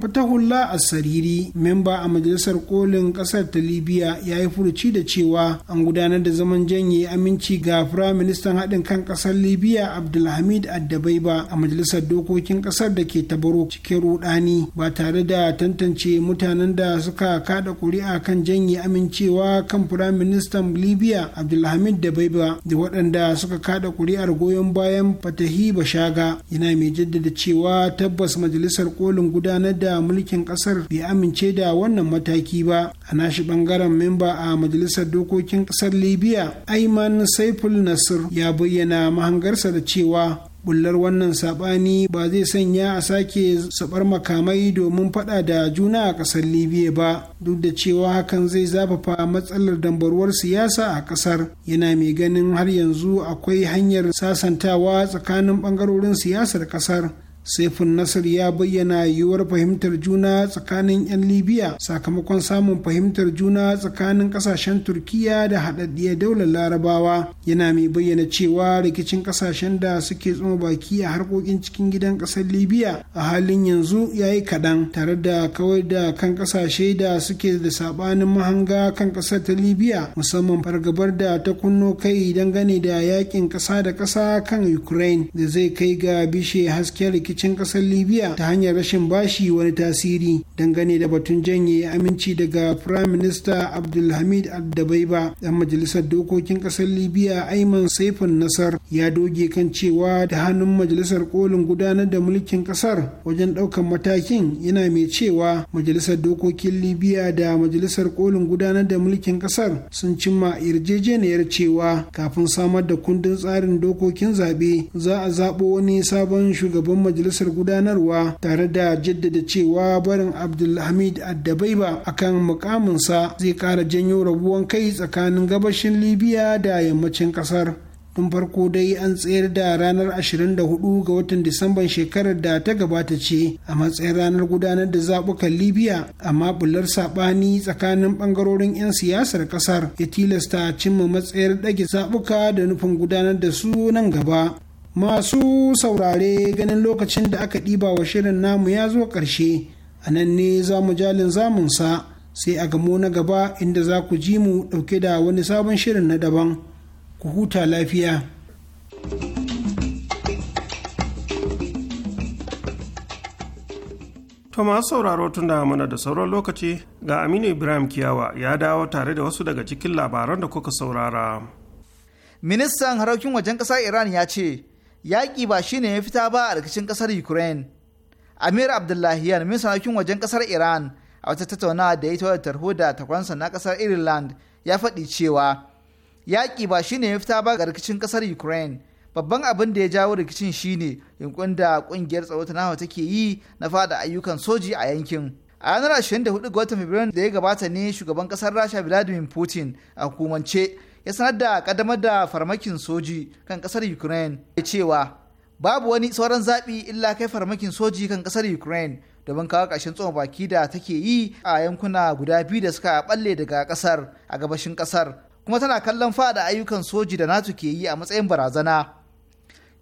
a asariri memba a majalisar kolin ƙasar ta libya ya yi furuci da cewa an gudanar da zaman janye aminci ga minister haɗin kan ƙasar libya abdulhamid addabaiba a majalisar dokokin ƙasar da ke tabaro cikin ruɗani ba tare da tantance mutanen da da suka kada kuri'a kan janye amincewa kan firaministan libya abdulhamid da baiba da waɗanda suka kada kuri'ar goyon bayan fatahi bashaga yana mai jaddada cewa tabbas majalisar kolin gudanar da mulkin ƙasar bai amince da wannan mataki ba a nashi ɓangaren memba a majalisar dokokin ƙasar libya aiman saiful nasir ya bayyana mahangarsa da cewa bullar wannan saɓani ba zai sanya a sake saɓar makamai domin faɗa da juna a ƙasar libya ba duk da cewa hakan zai zafafa matsalar dambarwar siyasa a ƙasar yana mai ganin har yanzu akwai hanyar sasantawa tsakanin ɓangarorin siyasar ƙasar saifin nasar ya bayyana yiwuwar fahimtar juna tsakanin 'yan libya sakamakon samun fahimtar juna tsakanin kasashen turkiya da hadaddiya daular larabawa yana mai bayyana cewa rikicin kasashen da suke tsoma baki a harkokin cikin gidan ƙasar libya a halin yanzu ya yi kaɗan tare da kawai da kan ƙasashe da suke da saɓanin mahanga kan ƙasar ta libya musamman fargabar da ta kunno kai dangane da yakin ƙasa da ƙasa kan ukraine da zai kai ga bishe hasken rikicin rikicin ƙasar libya ta hanyar rashin bashi wani tasiri dangane da batun janye aminci daga prime minister abdulhamid addabaiba dan majalisar dokokin ƙasar libya aiman saifin nasar ya doge kan cewa da hannun majalisar kolin gudanar da mulkin ƙasar wajen ɗaukan matakin yana mai cewa majalisar dokokin libya da majalisar kolin gudanar da mulkin ƙasar sun cimma yarjejeniyar cewa kafin samar da kundin tsarin dokokin zaɓe za a zaɓo wani sabon shugaban majalisar majalisar gudanarwa tare da jaddada cewa barin abdulhamid addabaiba kan mukaminsa zai kara janyo rabuwan kai tsakanin gabashin libya da yammacin kasar tun farko dai an tsayar da ranar 24 ga watan disamban shekarar da ta gabata ce a matsayin ranar gudanar da zaɓukan libya amma bular saɓani tsakanin ɓangarorin 'yan siyasar ƙasar ya tilasta cimma matsayar ɗage zaɓuka da nufin gudanar da su nan gaba Masu saurare ganin lokacin da aka ɗiba wa shirin namu ya zo ƙarshe, a nan ne za mu jalin zamunsa sai a gamo na gaba inda za ku ji mu ɗauke da wani sabon shirin na daban. Ku huta lafiya. To masu sauraro tun da mana da sauran lokaci ga Aminu Ibrahim Kiyawa ya dawo tare da wasu daga cikin labaran da kuka saurara. Ministan harokin wajen ƙasa Iran ya ce, yaƙi ba shine ya fita ba a rikicin ƙasar ukraine amir abdullahi min sanakin wajen ƙasar iran a wata tattaunawa da ya ta tarho da takwansa na ƙasar ireland ya faɗi cewa yaƙi ba shine ya fita ba ga rikicin ƙasar ukraine babban abin da ya jawo rikicin shine yankun da ƙungiyar tsaro ta nawa take yi na fada ayyukan soji a yankin a ranar 24 ga watan fabrairu da ya gabata ne shugaban ƙasar rasha vladimir putin a hukumance ya sanar da ƙaddamar da farmakin soji kan ƙasar ukraine da cewa babu wani sauran zaɓi illa kai farmakin soji kan ƙasar ukraine domin kawo ƙarshen tsohon baki da take yi a yankuna guda biyu da suka balle daga ƙasar a gabashin ƙasar kuma tana kallon fada ayyukan soji da nato ke yi a matsayin barazana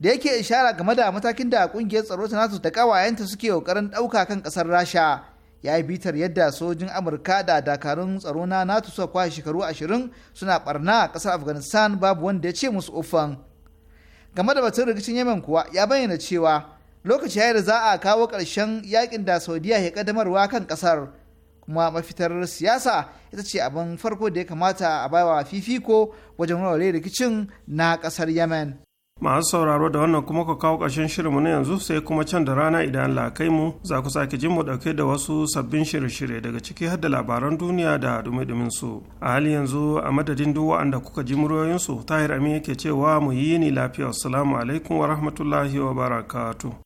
da yake ishara game da matakin da ƙungiyar tsaro ta nato da ƙawayenta suke ƙoƙarin ɗauka kan ƙasar rasha ya yi bitar yadda sojin amurka da dakarun tsaro na nato suka kwashe shekaru ashirin suna barna a kasar afghanistan babu wanda ya ce musu ufan game da batun rikicin yemen kuwa ya bayyana cewa lokaci ya da za a kawo ƙarshen yakin da saudiya ke kadamarwa kan kasar kuma mafitar siyasa ita ce abin farko da ya kamata a baiwa fifiko wajen rikicin na kasar yemen masu sauraro da wannan kuma ka kawo ƙarshen shirinmu na yanzu sai kuma can da rana idan Allah kai mu za ku sake jin mu ɗauke da wasu sabbin shirye-shirye daga ciki har da labaran duniya da dumi-dumin su a hali yanzu a madadin duk wa'anda kuka ji muryoyin su tahir amin yake cewa mu yi ni lafiya assalamu alaikum wa rahmatullahi wa barakatuh